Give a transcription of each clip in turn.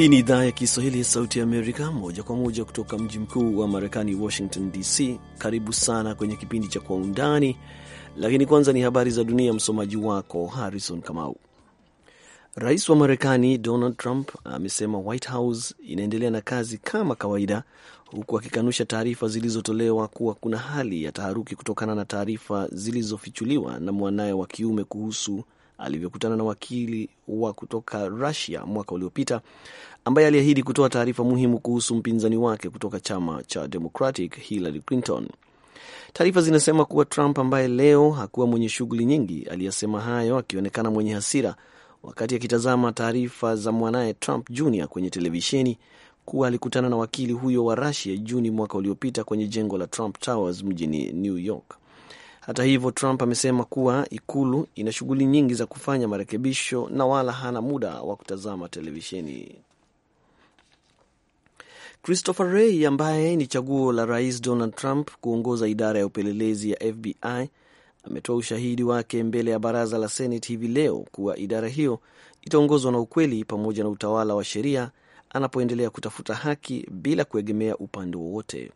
Hii ni idhaa ya Kiswahili ya Sauti ya Amerika, moja kwa moja kutoka mji mkuu wa Marekani, Washington DC. Karibu sana kwenye kipindi cha Kwa Undani, lakini kwanza ni habari za dunia. Msomaji wako Harrison Kamau. Rais wa Marekani Donald Trump amesema White House inaendelea na kazi kama kawaida, huku akikanusha taarifa zilizotolewa kuwa kuna hali ya taharuki kutokana na taarifa zilizofichuliwa na mwanaye wa kiume kuhusu alivyokutana na wakili wa kutoka Russia mwaka uliopita ambaye aliahidi kutoa taarifa muhimu kuhusu mpinzani wake kutoka chama cha Democratic Hillary Clinton. Taarifa zinasema kuwa Trump ambaye leo hakuwa mwenye shughuli nyingi aliyasema hayo akionekana mwenye hasira wakati akitazama taarifa za mwanaye Trump Jr kwenye televisheni kuwa alikutana na wakili huyo wa rasia Juni mwaka uliopita kwenye jengo la Trump Towers mjini New York. Hata hivyo, Trump amesema kuwa ikulu ina shughuli nyingi za kufanya marekebisho na wala hana muda wa kutazama televisheni. Christopher rey ambaye ni chaguo la Rais Donald Trump kuongoza idara ya upelelezi ya FBI ametoa ushahidi wake mbele ya baraza la Senate hivi leo kuwa idara hiyo itaongozwa na ukweli pamoja na utawala wa sheria anapoendelea kutafuta haki bila kuegemea upande wowote.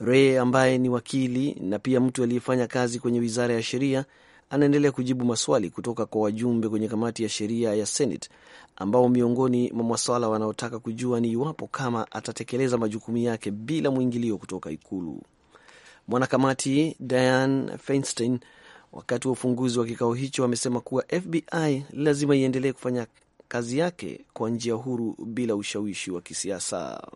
Ray ambaye ni wakili na pia mtu aliyefanya kazi kwenye wizara ya sheria anaendelea kujibu maswali kutoka kwa wajumbe kwenye kamati ya sheria ya Senate, ambao miongoni mwa maswala wanaotaka kujua ni iwapo kama atatekeleza majukumu yake bila mwingilio kutoka Ikulu. Mwanakamati Diane Feinstein wakati wa ufunguzi wa kikao hicho amesema kuwa FBI lazima iendelee kufanya kazi yake kwa njia huru bila ushawishi wa kisiasa.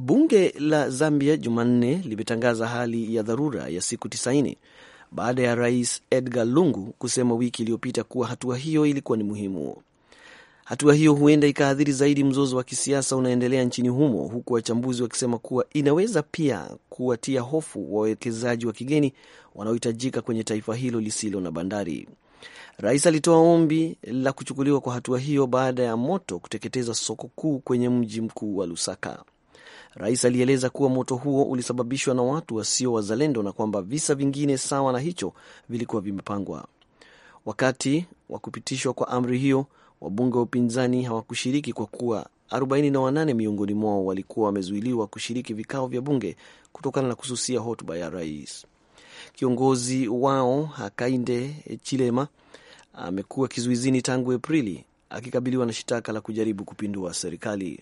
Bunge la Zambia Jumanne limetangaza hali ya dharura ya siku 90 baada ya rais Edgar Lungu kusema wiki iliyopita kuwa hatua hiyo ilikuwa ni muhimu. Hatua hiyo huenda ikaathiri zaidi mzozo wa kisiasa unaendelea nchini humo, huku wachambuzi wakisema kuwa inaweza pia kuwatia hofu wawekezaji wa kigeni wanaohitajika kwenye taifa hilo lisilo na bandari. Rais alitoa ombi la kuchukuliwa kwa hatua hiyo baada ya moto kuteketeza soko kuu kwenye mji mkuu wa Lusaka. Rais alieleza kuwa moto huo ulisababishwa na watu wasio wazalendo na kwamba visa vingine sawa na hicho vilikuwa vimepangwa. Wakati wa kupitishwa kwa amri hiyo, wabunge wa upinzani hawakushiriki kwa kuwa 48 miongoni mwao walikuwa wamezuiliwa kushiriki vikao vya bunge kutokana na kususia hotuba ya rais. Kiongozi wao Hakainde Chilema amekuwa kizuizini tangu Aprili akikabiliwa na shitaka la kujaribu kupindua serikali.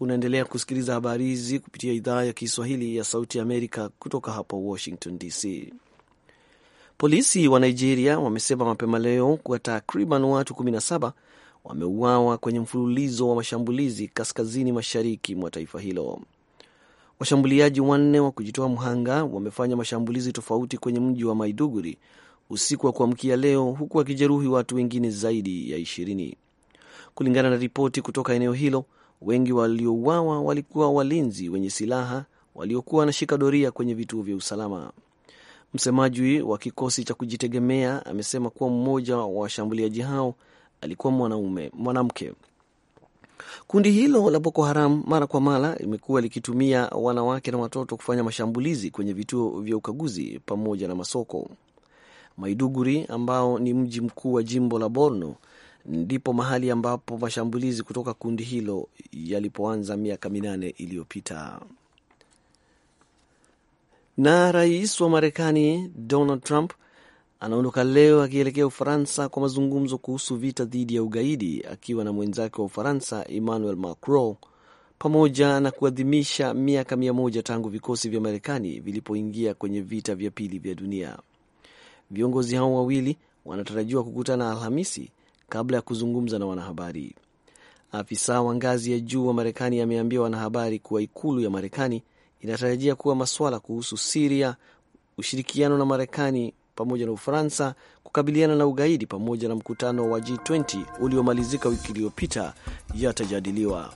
Unaendelea kusikiliza habari hizi kupitia idhaa ya Kiswahili ya Sauti ya Amerika kutoka hapa Washington DC. Polisi wa Nigeria wamesema mapema leo kuwa takriban watu 17 wameuawa kwenye mfululizo wa mashambulizi kaskazini mashariki mwa taifa hilo. Washambuliaji wanne wa kujitoa mhanga wamefanya mashambulizi tofauti kwenye mji wa Maiduguri usiku wa kuamkia leo, huku wakijeruhi watu wengine zaidi ya ishirini, kulingana na ripoti kutoka eneo hilo. Wengi waliouawa walikuwa walinzi wenye silaha waliokuwa wanashika doria kwenye vituo vya usalama. Msemaji wa kikosi cha kujitegemea amesema kuwa mmoja wa washambuliaji hao alikuwa mwanaume mwanamke. Kundi hilo la Boko Haram mara kwa mara limekuwa likitumia wanawake na watoto kufanya mashambulizi kwenye vituo vya ukaguzi pamoja na masoko. Maiduguri ambao ni mji mkuu wa jimbo la Borno ndipo mahali ambapo mashambulizi kutoka kundi hilo yalipoanza miaka minane iliyopita. Na rais wa Marekani Donald Trump anaondoka leo akielekea Ufaransa kwa mazungumzo kuhusu vita dhidi ya ugaidi akiwa na mwenzake wa Ufaransa Emmanuel Macron pamoja na kuadhimisha miaka mia moja tangu vikosi vya Marekani vilipoingia kwenye vita vya pili vya dunia. Viongozi hao wawili wanatarajiwa kukutana Alhamisi kabla ya kuzungumza na wanahabari. Afisa wa ngazi ya juu wa Marekani ameambia wanahabari kuwa ikulu ya Marekani inatarajia kuwa maswala kuhusu Siria, ushirikiano na Marekani pamoja na Ufaransa kukabiliana na ugaidi pamoja na mkutano wa G20 uliomalizika wiki iliyopita yatajadiliwa.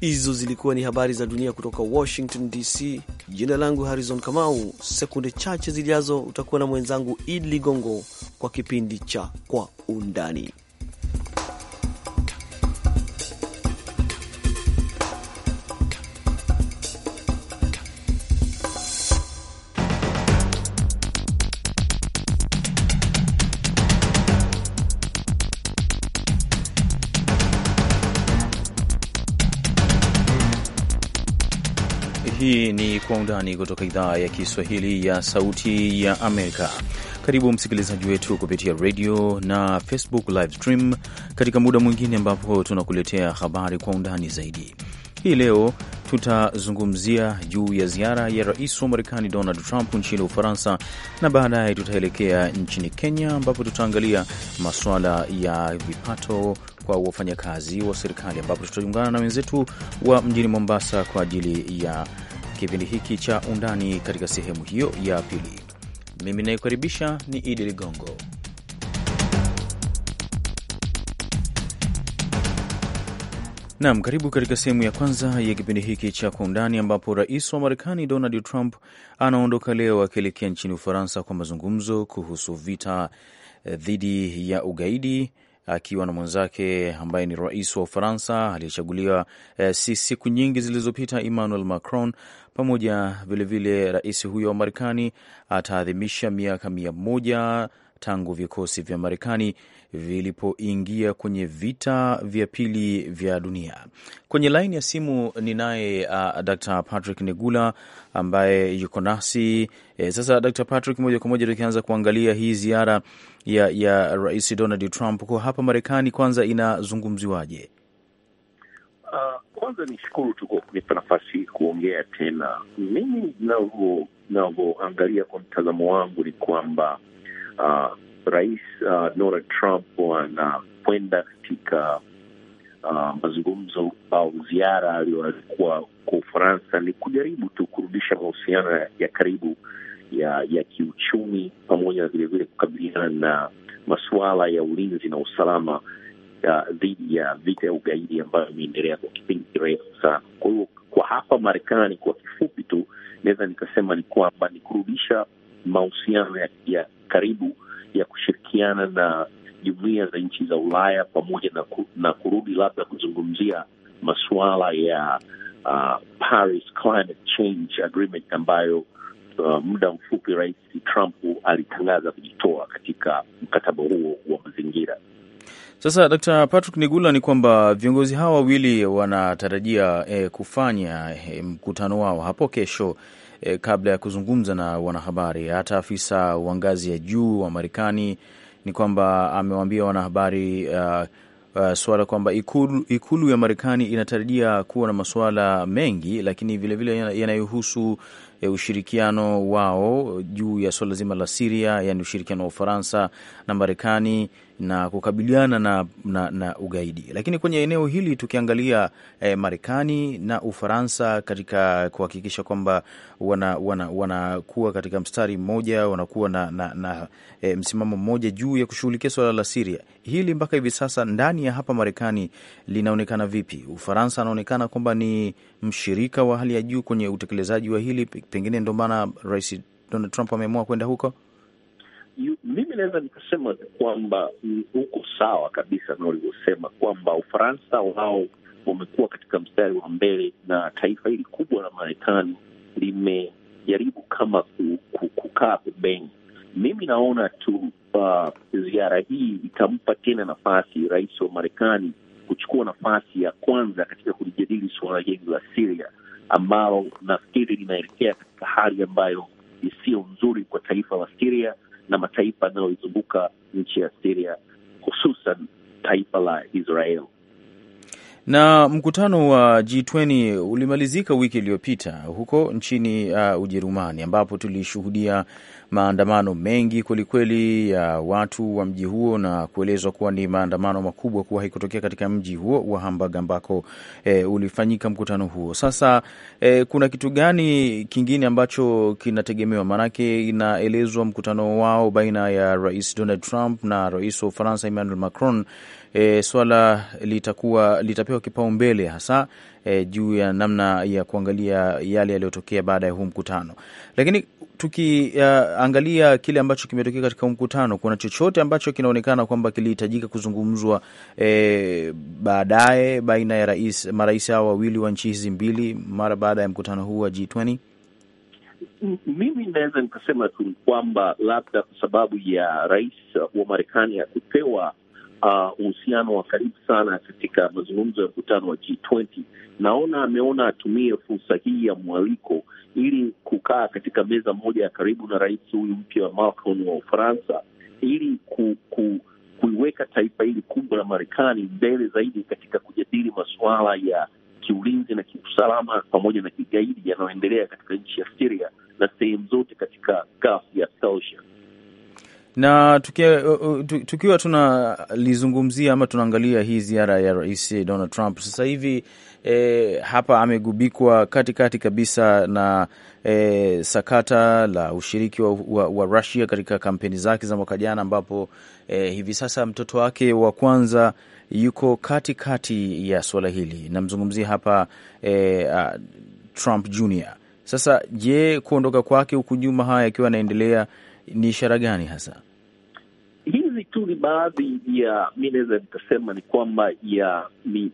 Hizo zilikuwa ni habari za dunia kutoka Washington DC. Jina langu Harrison Kamau. Sekunde chache zijazo utakuwa na mwenzangu Id Ligongo kwa kipindi cha Kwa Undani. Hii ni Kwa Undani kutoka idhaa ya Kiswahili ya Sauti ya Amerika. Karibu msikilizaji wetu kupitia radio na Facebook live stream katika muda mwingine ambapo tunakuletea habari kwa undani zaidi. Hii leo tutazungumzia juu ya ziara ya rais wa Marekani Donald Trump nchini Ufaransa, na baadaye tutaelekea nchini Kenya ambapo tutaangalia masuala ya vipato kwa wafanyakazi wa serikali, ambapo tutaungana na wenzetu wa mjini Mombasa kwa ajili ya kipindi hiki cha Undani katika sehemu hiyo ya pili. Mimi nayekukaribisha ni Idi Ligongo. Naam, karibu katika sehemu ya kwanza ya kipindi hiki cha Kwa Undani, ambapo rais wa Marekani Donald Trump anaondoka leo akielekea nchini Ufaransa kwa mazungumzo kuhusu vita eh, dhidi ya ugaidi akiwa na mwenzake ambaye ni rais wa Ufaransa aliyechaguliwa e, si siku nyingi zilizopita Emmanuel Macron. Pamoja vilevile, rais huyo wa Marekani ataadhimisha miaka mia moja tangu vikosi vya Marekani vilipoingia kwenye vita vya pili vya dunia. Kwenye laini ya simu ninaye uh, Dr. Patrick Negula ambaye yuko nasi e. Sasa Dr. Patrick, moja kwa moja tukianza kuangalia hii ziara ya, ya Rais Donald Trump kwa hapa Marekani, kwanza inazungumziwaje? Uh, kwanza nishukuru tu kwa kunipa nafasi kuongea tena. Mimi navyoangalia kwa mtazamo wangu ni kwamba uh, Rais uh, Donald Trump wanakwenda katika uh, mazungumzo au ziara aliyokuwa kwa Ufaransa ni kujaribu tu kurudisha mahusiano ya karibu ya, ya kiuchumi pamoja na vilevile kukabiliana na masuala ya ulinzi na usalama uh, dhidi ya vita ya ugaidi ambayo imeendelea kwa kipindi kirefu sana. Kwa hiyo kwa hapa Marekani, kwa kifupi tu naweza nikasema ni kwamba ni kurudisha mahusiano ya, ya karibu ya kushirikiana na jumuiya za nchi za Ulaya pamoja na, ku, na kurudi labda kuzungumzia masuala ya uh, Paris Climate Change Agreement ambayo uh, muda mfupi Rais Trump alitangaza kujitoa katika mkataba huo wa mazingira. Sasa d Patrick Nigula, ni kwamba viongozi hawa wawili wanatarajia eh, kufanya eh, mkutano wao hapo kesho e, kabla ya kuzungumza na wanahabari. Hata afisa wa ngazi ya juu wa Marekani ni kwamba amewaambia wanahabari uh, Uh, suala kwamba ikulu, ikulu ya Marekani inatarajia kuwa na masuala mengi, lakini vilevile yanayohusu eh, ushirikiano wao juu ya suala zima la Siria, yani ushirikiano wa Ufaransa na Marekani na kukabiliana na, na, na ugaidi. Lakini kwenye eneo hili tukiangalia eh, Marekani na Ufaransa katika kuhakikisha kwamba wanakuwa wana, wana katika mstari mmoja wanakuwa na, na, na eh, msimamo mmoja juu ya kushughulikia swala la Siria hili mpaka hivi sasa ndani ya hapa Marekani linaonekana vipi? Ufaransa anaonekana kwamba ni mshirika wa hali ya juu kwenye utekelezaji wa hili, pengine ndio maana Rais Donald Trump ameamua kwenda huko mimi naweza nikasema kwamba uko sawa kabisa na ulivyosema kwamba Ufaransa wao wamekuwa katika mstari wa mbele na taifa hili kubwa la Marekani limejaribu kama kukaa pembeni. Mimi naona tu uh, ziara hii itampa tena nafasi rais wa Marekani kuchukua nafasi ya kwanza katika kulijadili suala hili la Siria ambalo nafikiri linaelekea katika hali ambayo isiyo nzuri kwa taifa la Siria na mataifa yanayoizunguka nchi ya Siria, hususan taifa la Israel. Na mkutano wa G20 ulimalizika wiki iliyopita huko nchini uh, Ujerumani ambapo tulishuhudia maandamano mengi kwelikweli ya watu wa mji huo, na kuelezwa kuwa ni maandamano makubwa kuwahi kutokea katika mji huo wa Hamburg ambako e, ulifanyika mkutano huo. Sasa e, kuna kitu gani kingine ambacho kinategemewa? Maanake inaelezwa mkutano wao baina ya Rais Donald Trump na rais wa Ufaransa Emmanuel Macron e, swala litakuwa litapewa kipaumbele hasa e, juu ya namna ya kuangalia yale yaliyotokea baada ya huu mkutano. Lakini tukiangalia uh, kile ambacho kimetokea katika huu mkutano, kuna chochote ambacho kinaonekana kwamba kilihitajika kuzungumzwa e, baadaye baina ya rais marais hao wawili wa nchi hizi mbili mara baada ya mkutano huu wa G20? Mimi naweza nikasema tu kwamba labda kwa sababu ya rais wa Marekani hakupewa Uh, uhusiano wa karibu sana katika mazungumzo ya mkutano wa G20. Naona ameona atumie fursa hii ya mwaliko ili kukaa katika meza moja ya karibu na rais huyu mpya wa Macron wa Ufaransa ili ku, ku, kuiweka taifa hili kubwa la Marekani mbele zaidi katika kujadili masuala ya kiulinzi na kiusalama pamoja na kigaidi yanayoendelea katika nchi ya Siria na sehemu zote katika Gulf ya Persian na tukia, uh, uh tukiwa tunalizungumzia ama tunaangalia hii ziara ya Rais Donald Trump sasa hivi e, hapa amegubikwa katikati kabisa na e, sakata la ushiriki wa, wa, wa Russia katika kampeni zake za mwaka jana, ambapo e, hivi sasa mtoto wake wa kwanza yuko katikati kati ya suala hili, namzungumzia hapa e, a, uh, Trump Jr. Sasa je, kuondoka kwake huku nyuma haya yakiwa anaendelea ni ishara gani hasa? Hizi tu ni baadhi ya, mi naweza nikasema ni kwamba ya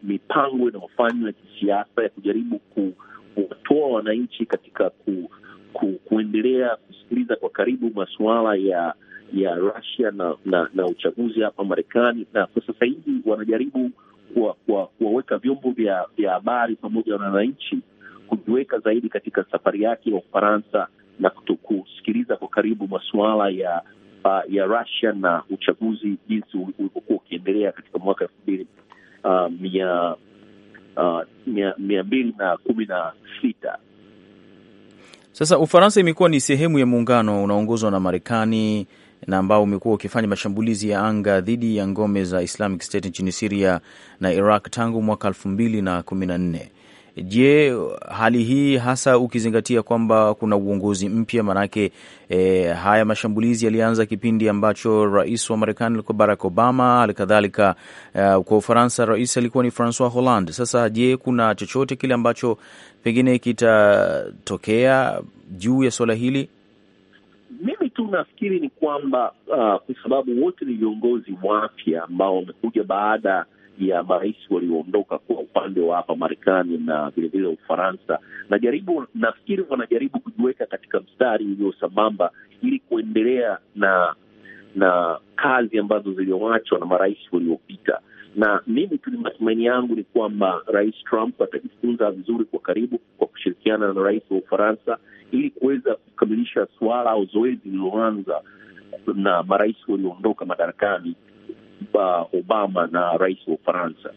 mipango inayofanywa ya kisiasa ya kujaribu kuwatoa wananchi katika ku, ku, kuendelea kusikiliza kwa karibu masuala ya ya Russia na na, na uchaguzi hapa Marekani, na kwa sasa hivi wanajaribu kuwaweka vyombo vya habari pamoja na wananchi kujiweka zaidi katika safari yake ya Ufaransa na kutokusikiliza kwa karibu masuala ya uh, ya Russia na uchaguzi jinsi ulivyokuwa ukiendelea katika mwaka elfu mbili uh, mia, uh, mia, mia mbili na kumi na sita. Sasa Ufaransa imekuwa ni sehemu ya muungano unaoongozwa na Marekani na ambao umekuwa ukifanya mashambulizi ya anga dhidi ya ngome za Islamic State nchini Siria na Iraq tangu mwaka elfu mbili na kumi na nne. Je, hali hii hasa ukizingatia kwamba kuna uongozi mpya maanake, e, eh, haya mashambulizi yalianza kipindi ambacho rais wa Marekani alikuwa Barack Obama, halikadhalika uh, kwa Ufaransa rais alikuwa ni Francois Hollande. Sasa je, kuna chochote kile ambacho pengine kitatokea juu ya suala hili? Mimi tu nafikiri ni kwamba uh, kwa sababu wote ni viongozi wapya ambao wamekuja baada ya marais walioondoka kwa upande wa hapa Marekani na vilevile Ufaransa, najaribu nafikiri wanajaribu kujiweka katika mstari uliosambamba ili kuendelea na na kazi ambazo zilioachwa na marais waliopita na mimi tu ni matumaini yangu ni kwamba Rais Trump atajifunza vizuri kwa karibu kwa kushirikiana na rais wa Ufaransa ili kuweza kukamilisha suala au zoezi lililoanza na marais walioondoka madarakani Obama na rais wa Ufaransa.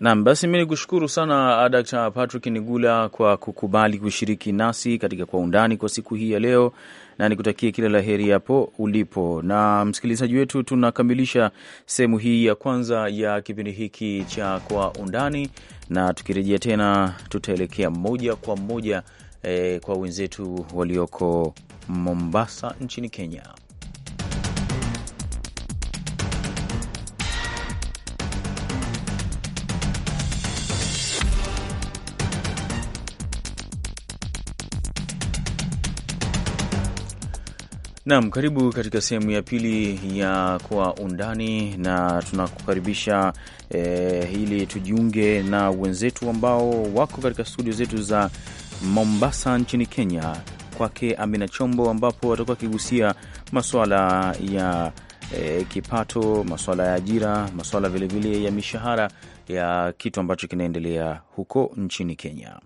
Naam, basi mi ni kushukuru sana Dkt. Patrick Nigula kwa kukubali kushiriki nasi katika Kwa Undani kwa siku hii ya leo, na nikutakie kila la heri hapo ulipo. Na msikilizaji wetu, tunakamilisha sehemu hii ya kwanza ya kipindi hiki cha Kwa Undani, na tukirejea tena tutaelekea moja kwa moja eh, kwa wenzetu walioko Mombasa nchini Kenya. Naam, karibu katika sehemu ya pili ya Kwa Undani, na tunakukaribisha eh, ili tujiunge na wenzetu ambao wako katika studio zetu za Mombasa nchini Kenya, kwake Amina Chombo, ambapo watakuwa wakigusia masuala ya eh, kipato, masuala ya ajira, masuala vilevile ya mishahara ya kitu ambacho kinaendelea huko nchini Kenya.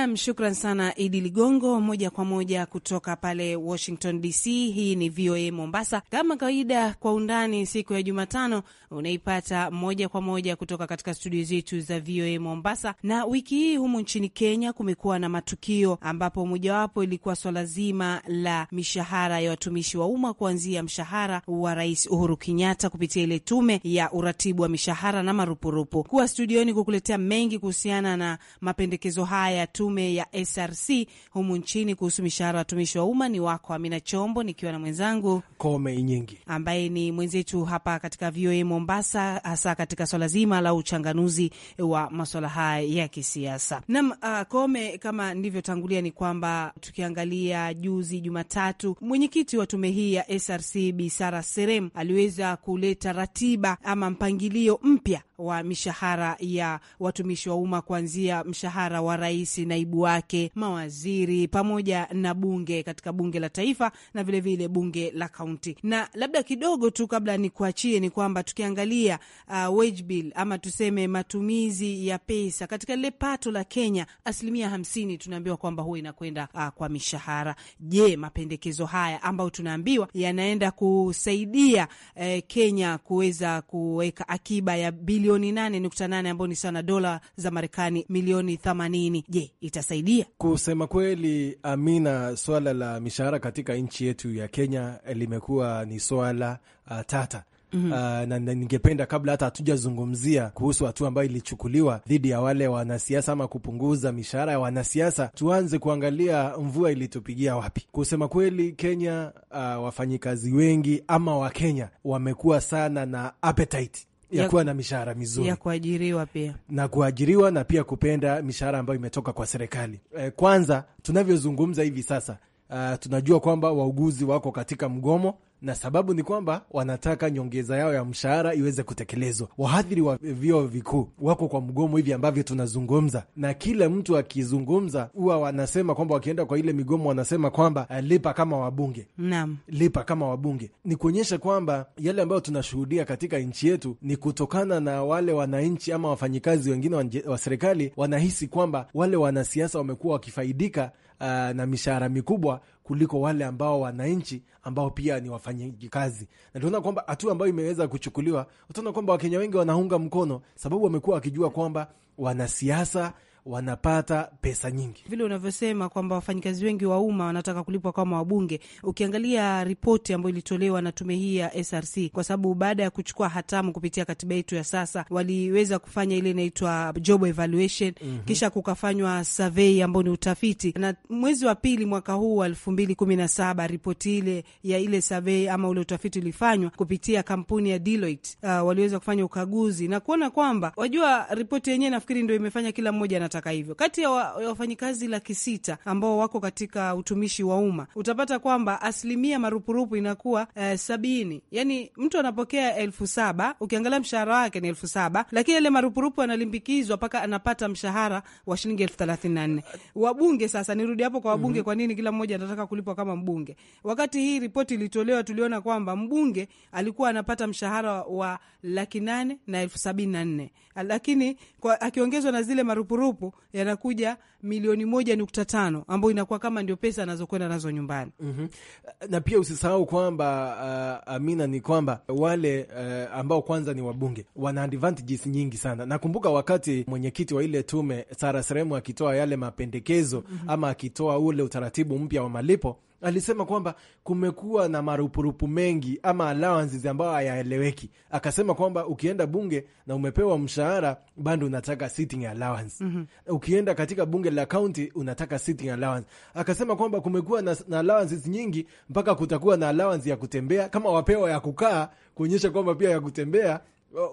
Nam, shukran sana Idi Ligongo, moja kwa moja kutoka pale Washington DC. Hii ni VOA Mombasa. Kama kawaida, kwa undani siku ya Jumatano unaipata moja kwa moja kutoka katika studio zetu za VOA Mombasa. Na wiki hii humu nchini Kenya kumekuwa na matukio ambapo mojawapo ilikuwa swala zima la mishahara ya watumishi wa umma kuanzia mshahara wa Rais Uhuru Kenyatta kupitia ile tume ya uratibu wa mishahara na marupurupu. Kuwa studioni kukuletea mengi kuhusiana na mapendekezo haya tu tume ya SRC humu nchini kuhusu mishahara ya watumishi wa umma. Ni wako Amina Chombo nikiwa na mwenzangu Kome Nyingi ambaye ni mwenzetu hapa katika VOA Mombasa, hasa katika swala zima la uchanganuzi wa maswala haya ya kisiasa. Nam uh, Kome, kama nilivyotangulia ni kwamba tukiangalia juzi Jumatatu, mwenyekiti wa tume hii ya SRC Bisara Serem aliweza kuleta ratiba ama mpangilio mpya wa mishahara ya watumishi wa umma kuanzia mshahara wa rais na manaibu wake, mawaziri pamoja na bunge katika bunge la taifa na vilevile vile bunge la kaunti. Na labda kidogo tu kabla nikuachie, ni kwamba tukiangalia uh, wage bill ama tuseme matumizi ya pesa katika lile pato la Kenya, asilimia hamsini tunaambiwa kwamba huwa inakwenda uh, kwa mishahara. Je, mapendekezo haya ambayo tunaambiwa yanaenda kusaidia eh, Kenya kuweza kuweka akiba ya bilioni nane nukta nane ambayo ni sawa na dola za Marekani milioni themanini. Je, itasaidia kusema kweli. Amina, swala la mishahara katika nchi yetu ya Kenya eh, limekuwa ni swala uh, tata Mm -hmm. Uh, na, na ningependa kabla hata hatujazungumzia kuhusu hatua ambayo ilichukuliwa dhidi ya wale wanasiasa ama kupunguza mishahara ya wanasiasa, tuanze kuangalia mvua ilitupigia wapi. Kusema kweli, Kenya uh, wafanyikazi wengi ama Wakenya wamekuwa sana na appetite ya kuwa na mishahara mizuri ya kuajiriwa pia na kuajiriwa na pia kupenda mishahara ambayo imetoka kwa serikali. E, kwanza tunavyozungumza hivi sasa, uh, tunajua kwamba wauguzi wako katika mgomo na sababu ni kwamba wanataka nyongeza yao ya mshahara iweze kutekelezwa. Wahadhiri wa vyuo vikuu wako kwa mgomo hivi ambavyo tunazungumza, na kila mtu akizungumza huwa wanasema kwamba wakienda kwa ile migomo wanasema kwamba eh, lipa kama wabunge. Naam, lipa kama wabunge, ni kuonyesha kwamba yale ambayo tunashuhudia katika nchi yetu ni kutokana na wale wananchi ama wafanyikazi wengine wa serikali wanahisi kwamba wale wanasiasa wamekuwa wakifaidika uh, na mishahara mikubwa kuliko wale ambao wananchi ambao pia ni wafanyaji kazi, na tunaona kwamba hatua ambayo imeweza kuchukuliwa, utaona kwamba Wakenya wengi wanaunga mkono, sababu wamekuwa wakijua kwamba wanasiasa wanapata pesa nyingi, vile unavyosema kwamba wafanyikazi wengi wa umma wanataka kulipwa kama wabunge. Ukiangalia ripoti ambayo ilitolewa na tume hii ya SRC, kwa sababu baada ya kuchukua hatamu kupitia katiba yetu ya sasa, waliweza kufanya ile inaitwa job evaluation mm -hmm. Kisha kukafanywa survey ambao ni utafiti, na mwezi wa pili mwaka huu wa elfu mbili kumi na saba ripoti ile ya ile survey ama ule utafiti ulifanywa kupitia kampuni ya Deloitte. Uh, waliweza kufanya ukaguzi na kuona kwamba, wajua, ripoti yenyewe nafikiri ndo imefanya kila mmoja na wanataka hivyo. Kati ya wafanyikazi laki sita ambao wako katika utumishi wa umma utapata kwamba asilimia marupurupu inakuwa eh, sabini. Yani mtu anapokea elfu saba ukiangalia mshahara wake ni elfu saba lakini ile marupurupu analimbikizwa mpaka anapata mshahara wa shilingi elfu thelathini na nne. Wabunge sasa, nirudi hapo kwa wabunge, mhm. kwa nini kila mmoja anataka kulipwa kama mbunge? Wakati hii ripoti ilitolewa, tuliona kwamba mbunge alikuwa anapata mshahara wa laki nane na elfu sabini na nne lakini kwa, akiongezwa na zile marupurupu mikopo yanakuja milioni moja nukta tano ambayo inakuwa kama ndio pesa anazokwenda nazo nyumbani. mm -hmm. Na pia usisahau kwamba uh, Amina, ni kwamba wale uh, ambao kwanza ni wabunge wana advantages nyingi sana. Nakumbuka wakati mwenyekiti wa ile tume Sara Seremu akitoa yale mapendekezo mm -hmm. ama akitoa ule utaratibu mpya wa malipo alisema kwamba kumekuwa na marupurupu mengi ama allowances ambayo hayaeleweki. Akasema kwamba ukienda bunge na umepewa mshahara bado unataka sitting allowance. Mm -hmm. Ukienda katika bunge la kaunti unataka sitting allowance. Akasema kwamba kumekuwa na, na allowances nyingi mpaka kutakuwa na allowance ya kutembea kama wapewa ya kukaa kuonyesha kwamba pia ya kutembea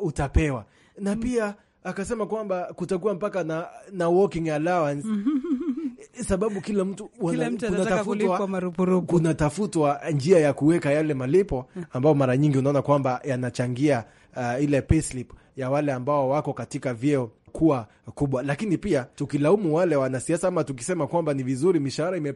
utapewa. Na mm. pia akasema kwamba kutakuwa mpaka na, na walking allowance mhm. sababu kila mtu kunatafutwa njia ya kuweka yale malipo hmm. ambayo mara nyingi unaona kwamba yanachangia uh, ile payslip ya wale ambao wako katika vyeo kuwa kubwa. Lakini pia tukilaumu wale wanasiasa ama tukisema kwamba ni vizuri mishahara ime,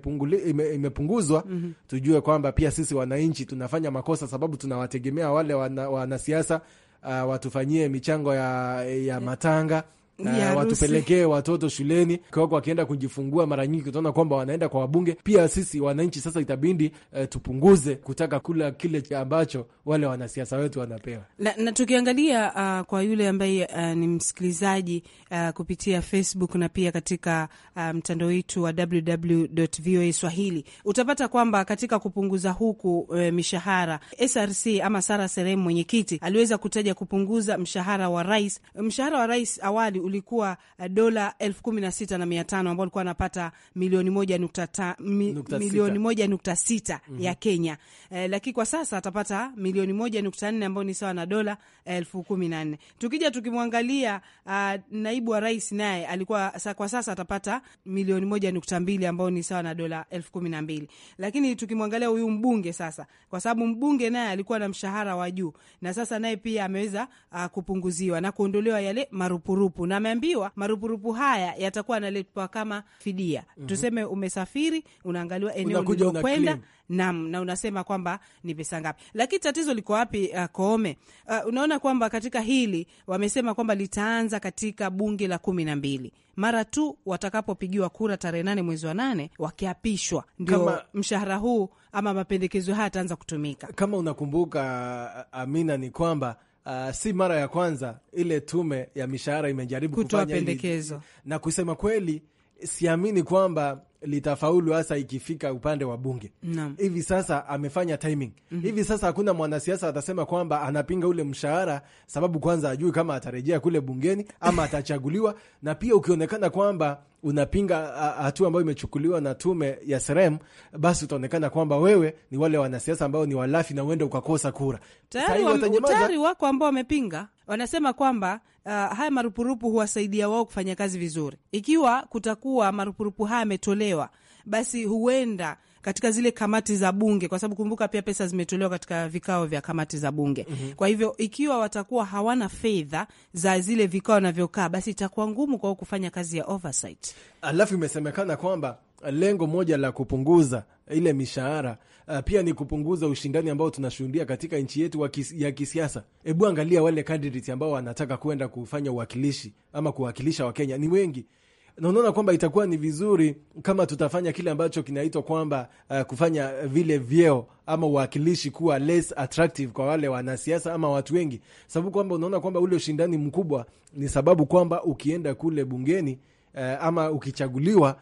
imepunguzwa mm -hmm. Tujue kwamba pia sisi wananchi tunafanya makosa, sababu tunawategemea wale wana, wanasiasa uh, watufanyie michango ya, ya matanga uh, watupelekee watoto shuleni kiwako, wakienda kujifungua mara nyingi utaona kwamba wanaenda kwa wabunge. Pia sisi wananchi sasa itabidi uh, eh, tupunguze kutaka kula kile ambacho wale wanasiasa wetu wanapewa na, na tukiangalia uh, kwa yule ambaye uh, ni msikilizaji uh, kupitia Facebook na pia katika uh, mtandao wetu wa www.voa Swahili utapata kwamba katika kupunguza huku uh, mishahara SRC ama Sara Serem mwenyekiti aliweza kutaja kupunguza mshahara wa rais. Mshahara wa rais awali ulikuwa eh, dola elfu kumi na sita na mia tano ambao alikuwa anapata milioni moja nukta ta, mi, nukta milioni sita. moja nukta sita mm -hmm. ya Kenya eh, lakini kwa sasa atapata milioni moja nukta nne ambao ni sawa na dola elfu kumi na nne Tukija tukimwangalia uh, naibu wa rais naye alikuwa sa, kwa sasa atapata milioni moja nukta mbili ambao ni sawa na dola elfu kumi na mbili Lakini tukimwangalia huyu mbunge sasa, kwa sababu mbunge naye alikuwa na mshahara wa juu na sasa naye pia ameweza uh, kupunguziwa na kuondolewa yale marupurupu na ameambiwa marupurupu haya yatakuwa analipwa kama fidia. mm -hmm. Tuseme umesafiri, unaangaliwa eneo ulikokwenda nam na unasema kwamba ni pesa ngapi, lakini tatizo liko wapi? Uh, Koome, uh, unaona kwamba katika hili wamesema kwamba litaanza katika bunge la kumi na mbili mara tu watakapopigiwa kura tarehe nane mwezi wa nane wakiapishwa, ndio mshahara huu ama mapendekezo haya yataanza kutumika. Kama unakumbuka Amina, ni kwamba Uh, si mara ya kwanza ile tume ya mishahara imejaribu kutoa pendekezo, na kusema kweli siamini kwamba litafaulu hasa ikifika upande wa bunge Hivi sasa amefanya timing mm -hmm. Hivi sasa hakuna mwanasiasa atasema kwamba anapinga ule mshahara, sababu kwanza ajui kama atarejea kule bungeni ama atachaguliwa, na pia ukionekana kwamba unapinga hatua ambayo imechukuliwa na tume ya Serem, basi utaonekana kwamba wewe ni wale wanasiasa ambao ni walafi na uende ukakosa kura. Tayari wako ambao wamepinga, wanasema kwamba uh, haya marupurupu huwasaidia wao kufanya kazi vizuri. Ikiwa kutakuwa marupurupu haya yametolewa, basi huenda katika zile kamati za bunge, kwa sababu kumbuka pia pesa zimetolewa katika vikao vya kamati za bunge. mm -hmm. Kwa hivyo ikiwa watakuwa hawana fedha za zile vikao wanavyokaa, basi itakuwa ngumu kwao kufanya kazi ya oversight. Alafu imesemekana kwamba lengo moja la kupunguza ile mishahara uh, pia ni kupunguza ushindani ambao tunashuhudia katika nchi yetu kis, ya kisiasa. Hebu angalia wale candidates ambao wanataka kwenda kufanya uwakilishi ama kuwakilisha Wakenya ni wengi, na unaona kwamba itakuwa ni vizuri kama tutafanya kile ambacho kinaitwa kwamba uh, kufanya vile vyeo ama uwakilishi kuwa less attractive kwa wale wanasiasa ama watu wengi, sababu kwamba unaona kwamba ule ushindani mkubwa ni sababu kwamba ukienda kule bungeni uh, ama ukichaguliwa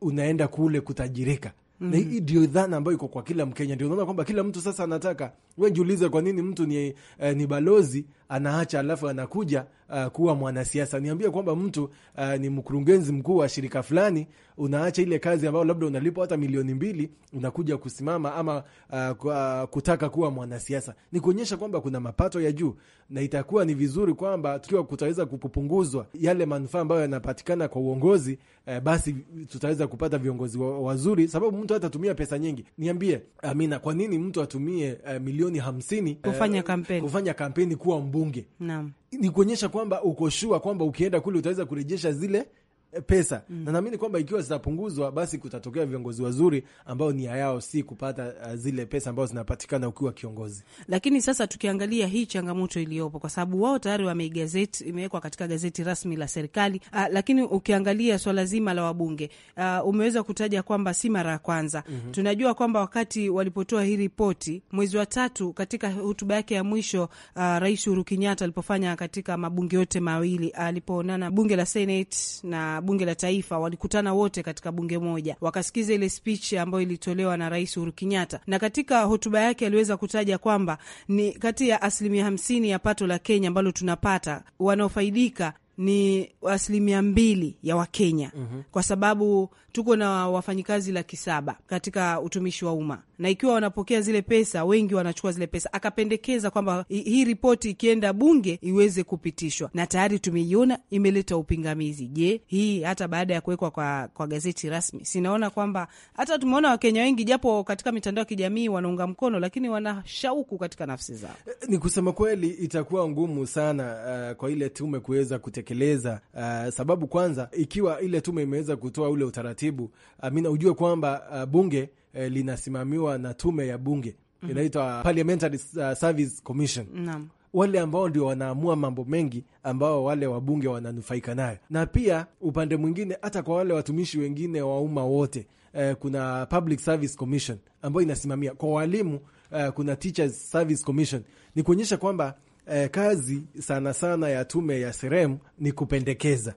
unaenda kule kutajirika. Mm -hmm. Na mm-hmm. hii ndio dhana ambayo iko kwa kila Mkenya. Ndio unaona kwamba kila mtu sasa anataka, we jiulize, kwa nini mtu ni, eh, ni balozi anaacha alafu anakuja uh, kuwa mwanasiasa. Niambie kwamba mtu uh, ni mkurugenzi mkuu wa shirika fulani, unaacha ile kazi ambayo labda unalipwa hata milioni mbili, unakuja kusimama ama uh, kwa, uh, kutaka kuwa mwanasiasa, ni kuonyesha kwamba kuna mapato ya juu, na itakuwa ni vizuri kwamba tukiwa kutaweza kupunguzwa yale manufaa ambayo yanapatikana kwa uongozi uh, basi tutaweza kupata viongozi wazuri, sababu mtu atatumia pesa nyingi. Niambie Amina, kwa nini mtu atumie uh, milioni hamsini uh, kufanya kampeni, kufanya kampeni kuwa mbunge? Naam ni kuonyesha kwamba uko shua kwamba ukienda kule utaweza kurejesha zile Eh, pesa mm. Na naamini kwamba ikiwa zitapunguzwa, basi kutatokea viongozi wazuri ambao nia yao si kupata eh, zile pesa ambazo zinapatikana ukiwa kiongozi. Lakini sasa tukiangalia hii changamoto iliyopo, kwa sababu wao tayari wameigazeti, imewekwa katika gazeti rasmi la serikali uh, lakini ukiangalia swala zima la wabunge uh, umeweza kutaja kwamba si mara ya kwanza mm -hmm. Tunajua kwamba wakati walipotoa hii ripoti mwezi wa tatu, katika hotuba yake ya mwisho uh, Rais Uhuru Kenyatta alipofanya katika mabunge yote mawili alipoonana bunge la Senate na bunge la taifa walikutana wote katika bunge moja, wakasikiza ile speech ambayo ilitolewa na Rais Uhuru Kenyatta, na katika hotuba yake aliweza kutaja kwamba ni kati ya asilimia hamsini ya pato la Kenya ambalo tunapata wanaofaidika ni asilimia mbili ya Wakenya mm -hmm. kwa sababu tuko na wafanyikazi laki saba katika utumishi wa umma na ikiwa wanapokea zile pesa, wengi wanachukua zile pesa. Akapendekeza kwamba hii ripoti ikienda bunge iweze kupitishwa, na tayari tumeiona imeleta upingamizi. Je, hii hata baada ya kuwekwa kwa, kwa gazeti rasmi, sinaona kwamba hata tumeona Wakenya wengi japo katika mitandao ya kijamii wanaunga mkono, lakini wana shauku katika nafsi zao. Eh, ni kusema kweli, itakuwa ngumu sana uh, kwa ile tume kuweza kutekeleza uh, sababu kwanza, ikiwa ile tume imeweza kutoa ule utaratibu uh, mi naujue kwamba uh, bunge eh, linasimamiwa na tume ya bunge mm -hmm. inaitwa Parliamentary uh, Service Commission Naam wale ambao ndio wanaamua mambo mengi ambao wale wabunge wananufaika nayo, na pia upande mwingine hata kwa wale watumishi wengine wa umma wote eh, kuna Public Service Commission ambayo inasimamia kwa walimu eh, kuna Teachers Service Commission. Ni kuonyesha kwamba eh, kazi sana sana ya tume ya serem ni kupendekeza,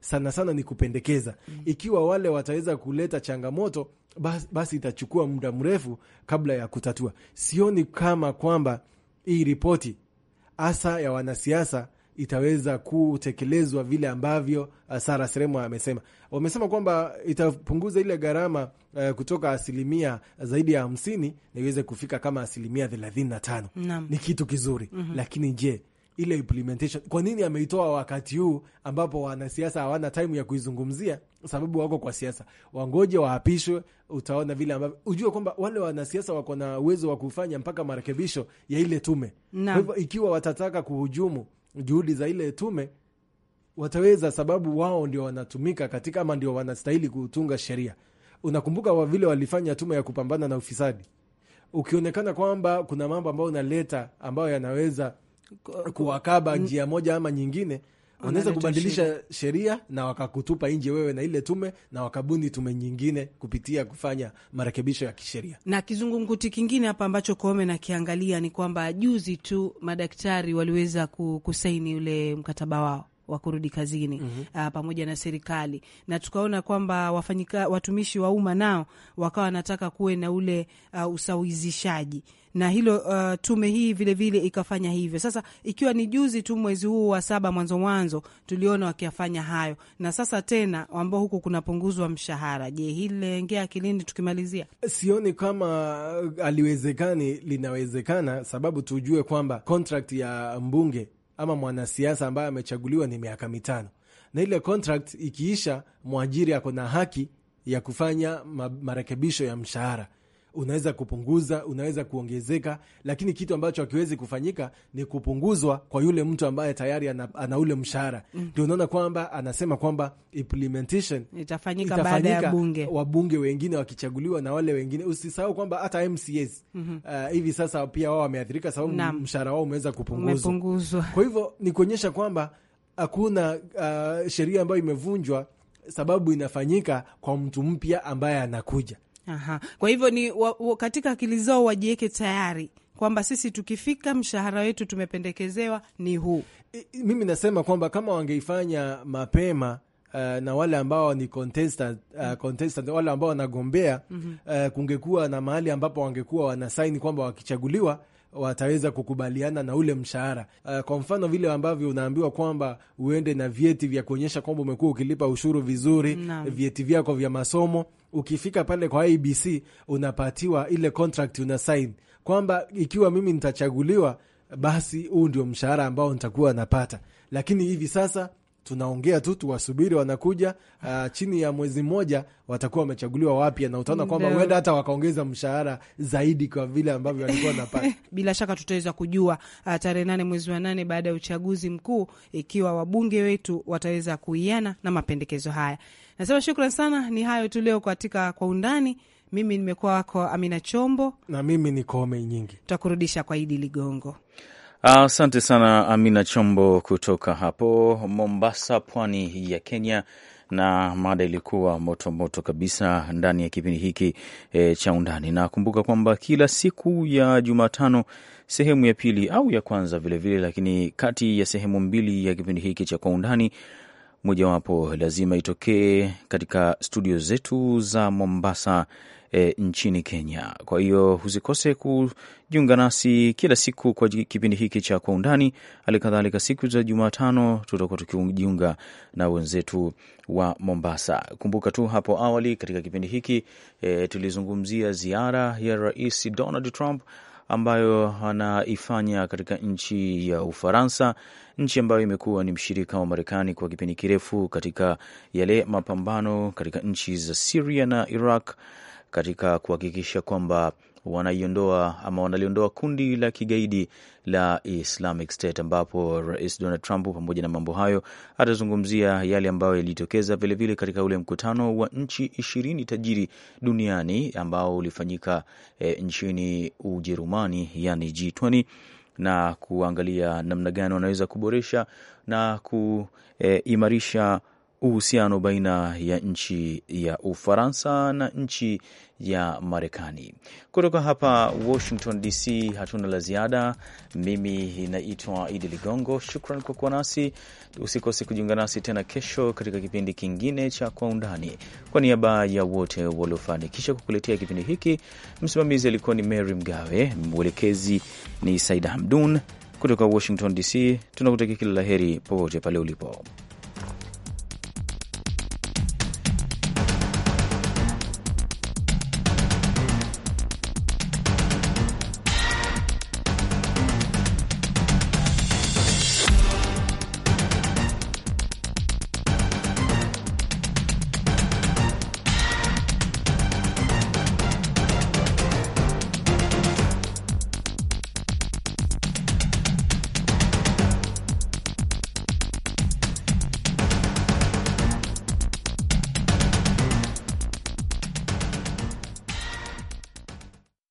sana sana ni kupendekeza. Mm. Ikiwa wale wataweza kuleta changamoto basi, basi itachukua muda mrefu kabla ya kutatua. Sioni kama kwamba hii ripoti hasa ya wanasiasa itaweza kutekelezwa vile ambavyo uh, Sara Seremo amesema. Wamesema kwamba itapunguza ile gharama uh, kutoka asilimia zaidi ya hamsini na iweze kufika kama asilimia thelathini na tano. Ni kitu kizuri mm -hmm. Lakini je, ile implementation. Kwa nini ameitoa wakati huu ambapo wanasiasa hawana time ya kuizungumzia? Sababu wako kwa siasa, wangoje waapishwe, utaona vile ambavyo ujue kwamba wale wanasiasa wako na uwezo wa kufanya mpaka marekebisho ya ile tume. Kwa hivyo ikiwa watataka kuhujumu juhudi za ile tume wataweza, sababu wao ndio wanatumika katika ama ndio wanastahili kutunga sheria. Unakumbuka wa vile walifanya tume ya kupambana na ufisadi, ukionekana kwamba kuna mambo ambayo unaleta ambayo yanaweza kuwakaba njia moja ama nyingine wanaweza kubadilisha sheria na wakakutupa nje wewe na ile tume na wakabuni tume nyingine kupitia kufanya marekebisho ya kisheria. Na kizungumkuti kingine hapa ambacho Koome nakiangalia ni kwamba juzi tu madaktari waliweza kusaini ule mkataba wao wa kurudi kazini mm -hmm. pamoja na serikali, na tukaona kwamba wafanyika watumishi wa umma nao wakawa wanataka kuwe na ule uh, usawizishaji na hilo uh, tume hii vilevile vile ikafanya hivyo. Sasa ikiwa ni juzi tu mwezi huu wa saba mwanzo mwanzo tuliona wakiyafanya hayo, na sasa tena ambao huku kunapunguzwa mshahara. Je, hili linaingia akilini? Tukimalizia, sioni kama aliwezekani linawezekana, sababu tujue kwamba contract ya mbunge ama mwanasiasa ambaye amechaguliwa ni miaka mitano, na ile contract ikiisha, mwajiri ako na haki ya kufanya marekebisho ya mshahara unaweza kupunguza, unaweza kuongezeka, lakini kitu ambacho hakiwezi kufanyika ni kupunguzwa kwa yule mtu ambaye tayari ana, ana ule mshahara mm. ndio. Unaona kwamba anasema kwamba implementation itafanyika, itafanyika baada ya bunge, wabunge wengine wakichaguliwa na wale wengine. Usisahau kwamba hata MCAs mm -hmm. uh, hivi sasa pia wao wameathirika sababu mshahara wao umeweza kupunguzwa. Kwa hivyo ni kuonyesha kwamba hakuna uh, sheria ambayo imevunjwa sababu inafanyika kwa mtu mpya ambaye anakuja. Aha. Kwa hivyo ni wa, wa, katika akili zao wajiweke tayari kwamba sisi tukifika mshahara wetu tumependekezewa ni huu. Mimi nasema kwamba kama wangeifanya mapema Uh, na wale ambao ni contestant, uh, mm-hmm. contestant wale ambao wanagombea mm -hmm. Uh, kungekuwa na mahali ambapo wangekuwa wanasaini kwamba wakichaguliwa wataweza kukubaliana na ule mshahara. Uh, kwa mfano vile ambavyo unaambiwa kwamba uende na vyeti vya kuonyesha kwamba umekuwa ukilipa ushuru vizuri na vyeti vyako vya masomo. Ukifika pale kwa IBC unapatiwa ile contract, una sign kwamba ikiwa mimi nitachaguliwa, basi huu ndio mshahara ambao nitakuwa napata, lakini hivi sasa tunaongea tu tuwasubiri, wanakuja uh, chini ya mwezi mmoja watakuwa wamechaguliwa wapya, na utaona kwamba huenda hata wakaongeza mshahara zaidi kwa vile ambavyo walikuwa wanapata. Bila shaka tutaweza kujua uh, tarehe nane mwezi wa nane baada ya uchaguzi mkuu, ikiwa wabunge wetu wataweza kuiana na mapendekezo haya. Nasema shukran sana, ni hayo tu leo katika kwa undani. Mimi nimekuwa wako Amina Chombo na mimi ni Kome Nyingi. Tutakurudisha kwa Idi Ligongo. Asante sana Amina Chombo kutoka hapo Mombasa, pwani ya Kenya. Na mada ilikuwa moto moto kabisa ndani ya kipindi hiki e, cha Undani. Nakumbuka kwamba kila siku ya Jumatano sehemu ya pili au ya kwanza vilevile vile, lakini kati ya sehemu mbili ya kipindi hiki cha Kwa Undani mojawapo lazima itokee katika studio zetu za Mombasa e, nchini Kenya. Kwa hiyo husikose kujiunga nasi kila siku kwa kipindi hiki cha Kwa Undani. Hali kadhalika siku za Jumatano tutakuwa tukijiunga na wenzetu wa Mombasa. Kumbuka tu hapo awali katika kipindi hiki e, tulizungumzia ziara ya Rais Donald Trump ambayo anaifanya katika nchi ya Ufaransa, nchi ambayo imekuwa ni mshirika wa Marekani kwa kipindi kirefu katika yale mapambano katika nchi za Siria na Iraq katika kuhakikisha kwamba wanaiondoa ama wanaliondoa kundi la kigaidi la Islamic State, ambapo Rais Donald Trump pamoja na mambo hayo atazungumzia yale ambayo yalitokeza vilevile katika ule mkutano wa nchi ishirini tajiri duniani ambao ulifanyika e, nchini Ujerumani, yani G20 na kuangalia namna gani wanaweza kuboresha na kuimarisha e, uhusiano baina ya nchi ya Ufaransa na nchi ya Marekani. Kutoka hapa Washington DC hatuna la ziada. Mimi naitwa Idi Ligongo, shukran kwa kuwa nasi. Usikose kujiunga nasi tena kesho katika kipindi kingine cha Kwa Undani. Kwa niaba ya wote waliofanikisha kukuletea kipindi hiki, msimamizi alikuwa ni Mary Mgawe, mwelekezi ni Saida Hamdun. Kutoka Washington DC tunakutakia kila la heri popote pale ulipo.